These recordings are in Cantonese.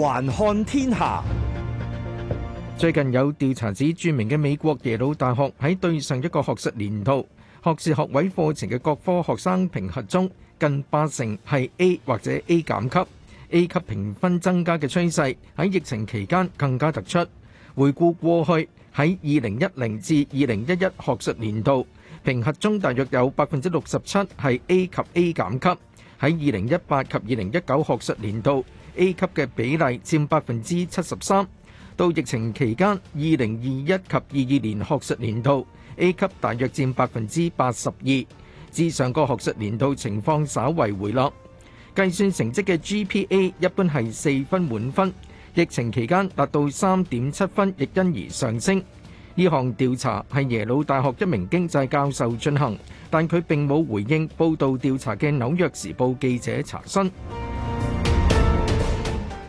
環看天下，最近有調查指，著名嘅美國耶魯大學喺對上一個學術年度學士學位課程嘅各科學生評核中，近八成係 A 或者 A 減級，A 級評分增加嘅趨勢喺疫情期間更加突出。回顧過去喺二零一零至二零一一學術年度評核中，大約有百分之六十七係 A, A 及 A 減級，喺二零一八及二零一九學術年度。A 級嘅比例佔百分之七十三，到疫情期間二零二一及二二年學術年度 A 級大約佔百分之八十二，至上個學術年度情況稍為回落。計算成績嘅 GPA 一般係四分滿分，疫情期間達到三點七分，亦因而上升。呢項調查係耶魯大學一名經濟教授進行，但佢並冇回應報道調查嘅紐約時報記者查詢。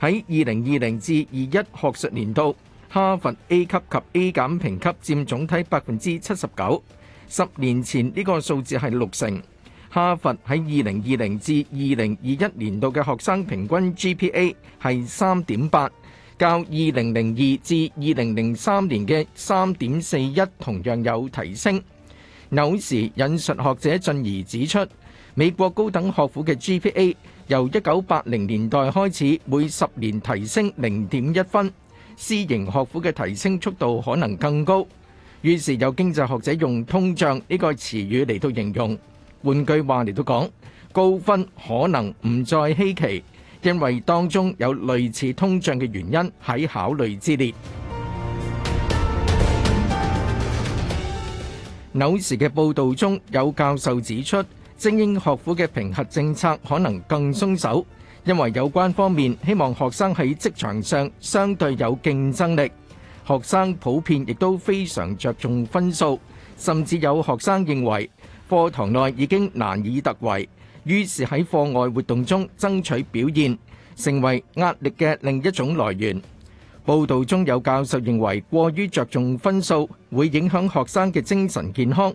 喺二零二零至二一學術年度，哈佛 A 級及 A 減評級佔總體百分之七十九。十年前呢個數字係六成。哈佛喺二零二零至二零二一年度嘅學生平均 GPA 係三點八，較二零零二至二零零三年嘅三點四一同樣有提升。紐時引述學者進而指出，美國高等學府嘅 GPA。由一九八零年代開始，每十年提升零點一分，私營學府嘅提升速度可能更高。於是有經濟學者用通脹呢個詞語嚟到形容，換句話嚟到講，高分可能唔再稀奇，因為當中有類似通脹嘅原因喺考慮之列。紐時嘅報導中有教授指出。精英學府嘅評核政策可能更鬆手，因為有關方面希望學生喺職場上相對有競爭力。學生普遍亦都非常着重分數，甚至有學生認為課堂內已經難以突圍，於是喺課外活動中爭取表現，成為壓力嘅另一種來源。報道中有教授認為過於着重分數會影響學生嘅精神健康。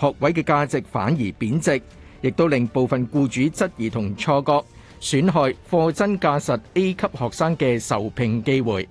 學位嘅價值反而貶值，亦都令部分僱主質疑同錯覺，損害貨真價實 A 級學生嘅受聘機會。